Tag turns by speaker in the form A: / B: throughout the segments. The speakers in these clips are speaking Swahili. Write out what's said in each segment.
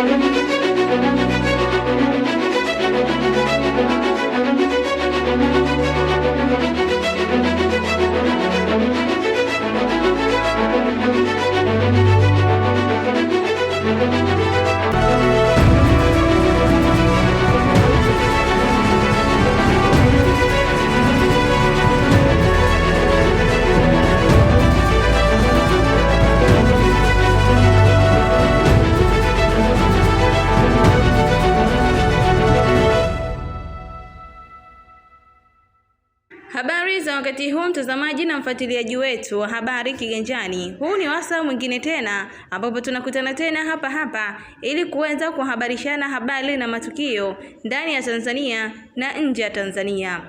A: Thank you. wakati huu mtazamaji na mfuatiliaji wetu wa habari Kiganjani, huu ni wasaa mwingine tena ambapo tunakutana tena hapa hapa ili kuweza kuhabarishana habari na matukio ndani ya Tanzania na nje ya Tanzania.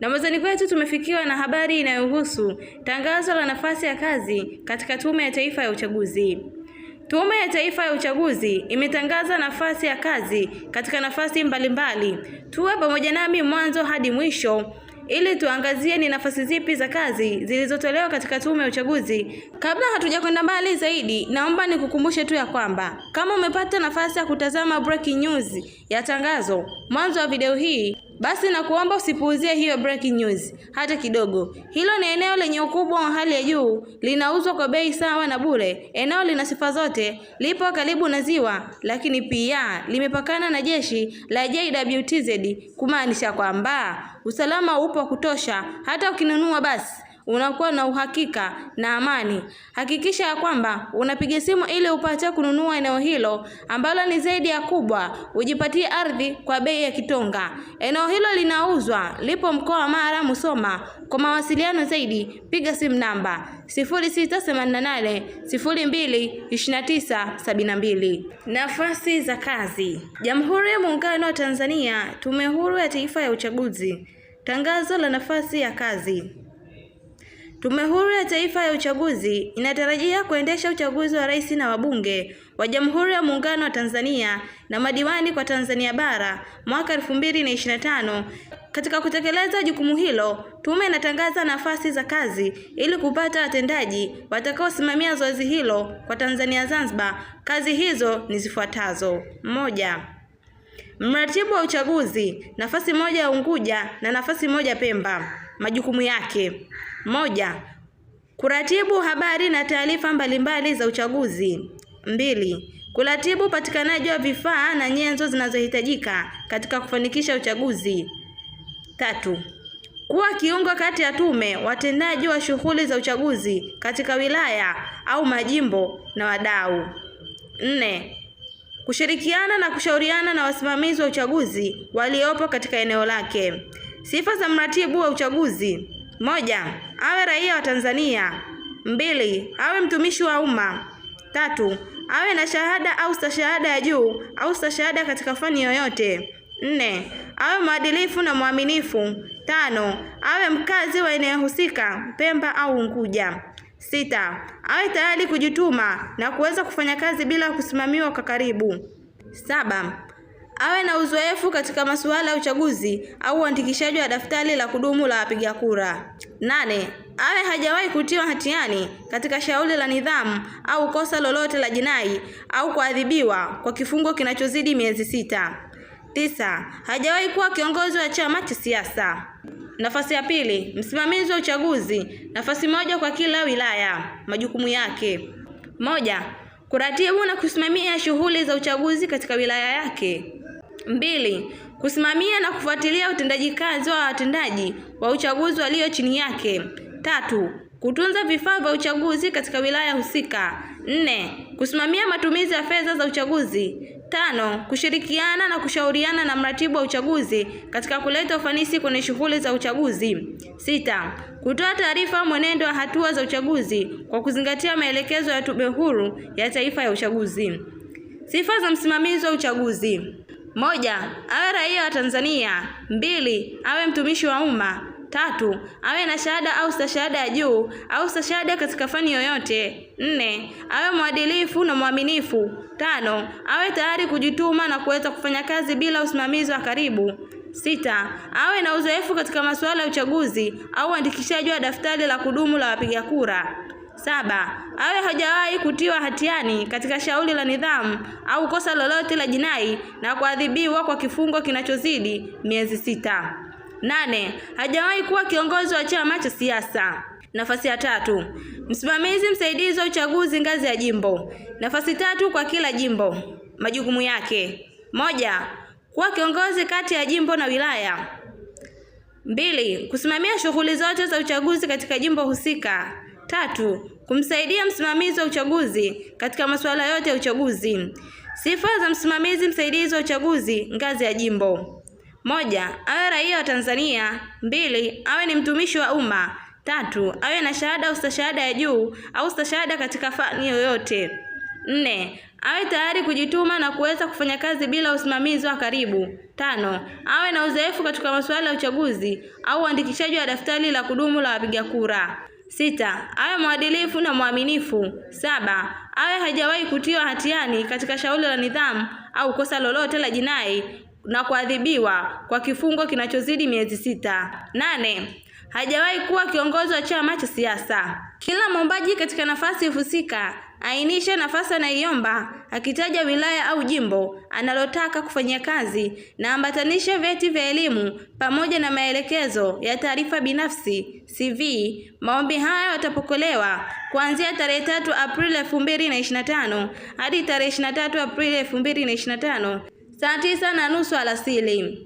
A: Na mwanzoni kwetu tumefikiwa na habari inayohusu tangazo la nafasi ya kazi katika Tume ya Taifa ya Uchaguzi. Tume ya Taifa ya Uchaguzi imetangaza nafasi ya kazi katika nafasi mbalimbali. Tuwe pamoja nami mwanzo hadi mwisho ili tuangazie ni nafasi zipi za kazi zilizotolewa katika tume ya uchaguzi. Kabla hatujakwenda mbali zaidi, naomba nikukumbushe tu ya kwamba kama umepata nafasi ya kutazama breaking news ya tangazo mwanzo wa video hii basi nakuomba usipuuzie hiyo breaking news hata kidogo. Hilo ni eneo lenye ukubwa wa hali ya juu, linauzwa kwa bei sawa na bure. Eneo lina sifa zote, lipo karibu na ziwa, lakini pia limepakana na jeshi la JWTZ, kumaanisha kwamba usalama upo wa kutosha hata ukinunua basi unakuwa na uhakika na amani. Hakikisha ya kwamba unapiga simu ili upate kununua eneo hilo ambalo ni zaidi ya kubwa, ujipatie ardhi kwa bei ya kitonga. Eneo hilo linauzwa, lipo mkoa wa Mara, Musoma. Kwa mawasiliano zaidi piga simu namba 0688 Nafasi za kazi. Jamhuri ya Muungano wa Tanzania, Tume Huru ya Taifa ya Uchaguzi. Tangazo la nafasi ya kazi. Tume Huru ya Taifa ya Uchaguzi inatarajia kuendesha uchaguzi wa rais na wabunge wa Jamhuri ya Muungano wa Tanzania na madiwani kwa Tanzania Bara mwaka 2025. na Katika kutekeleza jukumu hilo, tume inatangaza nafasi za kazi ili kupata watendaji watakaosimamia zoezi hilo kwa Tanzania Zanzibar. Kazi hizo ni zifuatazo: moja, mratibu wa uchaguzi, nafasi moja ya Unguja na nafasi moja Pemba. Majukumu yake moja, kuratibu habari na taarifa mbalimbali za uchaguzi. Mbili, kuratibu upatikanaji wa vifaa na nyenzo zinazohitajika katika kufanikisha uchaguzi. Tatu, kuwa kiungo kati ya tume, watendaji wa shughuli za uchaguzi katika wilaya au majimbo na wadau. Nne, kushirikiana na kushauriana na wasimamizi wa uchaguzi waliopo katika eneo lake. Sifa za mratibu wa uchaguzi: moja, awe raia wa Tanzania. Mbili, awe mtumishi wa umma. Tatu, awe na shahada au stashahada ya juu au stashahada katika fani yoyote. Nne, awe mwadilifu na mwaminifu. Tano, awe mkazi wa eneo husika, Pemba au Unguja. Sita, awe tayari kujituma na kuweza kufanya kazi bila kusimamiwa kwa karibu. Saba, awe na uzoefu katika masuala ya uchaguzi au uandikishaji wa daftari la kudumu la wapiga kura. Nane, awe hajawahi kutiwa hatiani katika shauri la nidhamu au kosa lolote la jinai au kuadhibiwa kwa kifungo kinachozidi miezi sita. Tisa, hajawahi kuwa kiongozi wa chama cha siasa. Nafasi ya pili, msimamizi wa uchaguzi, nafasi moja kwa kila wilaya. Majukumu yake: moja, kuratibu na kusimamia shughuli za uchaguzi katika wilaya yake. Mbili, kusimamia na kufuatilia utendaji kazi wa watendaji wa uchaguzi walio chini yake. Tatu, kutunza vifaa vya uchaguzi katika wilaya husika. Nne, kusimamia matumizi ya fedha za uchaguzi. Tano, kushirikiana na kushauriana na mratibu wa uchaguzi katika kuleta ufanisi kwenye shughuli za uchaguzi. Sita, kutoa taarifa mwenendo wa hatua za uchaguzi kwa kuzingatia maelekezo ya Tume Huru ya Taifa ya Uchaguzi. Sifa za msimamizi wa uchaguzi. Moja, awe raia wa Tanzania. Mbili, awe mtumishi wa umma. Tatu, awe na shahada au stashahada ya juu au stashahada katika fani yoyote. Nne, awe mwadilifu na mwaminifu. Tano, awe tayari kujituma na kuweza kufanya kazi bila usimamizi wa karibu. Sita, awe na uzoefu katika masuala ya uchaguzi au uandikishaji wa daftari la kudumu la wapiga kura. Saba, awe hajawahi kutiwa hatiani katika shauri la nidhamu au kosa lolote la jinai na kuadhibiwa kwa kifungo kinachozidi miezi sita. Nane, hajawahi kuwa kiongozi wa chama cha siasa. Nafasi ya tatu, msimamizi msaidizi wa uchaguzi ngazi ya jimbo, nafasi tatu kwa kila jimbo. Majukumu yake: moja, kuwa kiongozi kati ya jimbo na wilaya; mbili, kusimamia shughuli zote za uchaguzi katika jimbo husika; tatu, kumsaidia msimamizi wa uchaguzi katika masuala yote ya uchaguzi. Sifa za msimamizi msaidizi wa uchaguzi ngazi ya jimbo: moja, awe raia wa Tanzania; mbili, awe ni mtumishi wa umma; tatu, awe na shahada au stashahada ya juu au stashahada katika fani yoyote; nne, awe tayari kujituma na kuweza kufanya kazi bila usimamizi wa karibu. Tano, awe na uzoefu katika masuala ya uchaguzi au uandikishaji wa daftari la kudumu la wapiga kura. Sita, awe mwadilifu na mwaminifu. Saba, awe hajawahi kutiwa hatiani katika shauri la nidhamu au kosa lolote la jinai na kuadhibiwa kwa kifungo kinachozidi miezi sita. Nane, hajawahi kuwa kiongozi wa chama cha siasa. Kila mwombaji katika nafasi husika ainishe nafasi anaiomba, akitaja wilaya au jimbo analotaka kufanyia kazi, na ambatanishe vyeti vya elimu pamoja na maelekezo ya taarifa binafsi CV. Maombi hayo yatapokelewa kuanzia tarehe tatu Aprili elfu mbili na ishirini na tano hadi tarehe ishirini na tatu Aprili elfu mbili na ishirini na tano saa tisa na nusu alasiri.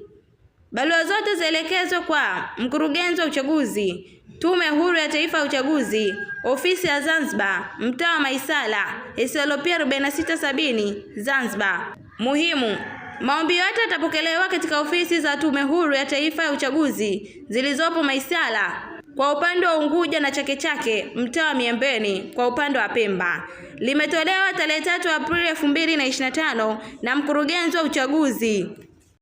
A: Barua zote zielekezwe kwa mkurugenzi wa uchaguzi, Tume Huru ya Taifa ya Uchaguzi, ofisi ya Zanzibar, mtaa wa Maisala, Estalopia 4670 Zanzibar. Muhimu, maombi yote yatapokelewa katika ofisi za Tume Huru ya Taifa ya Uchaguzi zilizopo Maisala kwa upande wa Unguja na Chake Chake mtaa wa Miembeni kwa upande wa Pemba. Limetolewa tarehe 3 Aprili 2025 na mkurugenzi wa uchaguzi.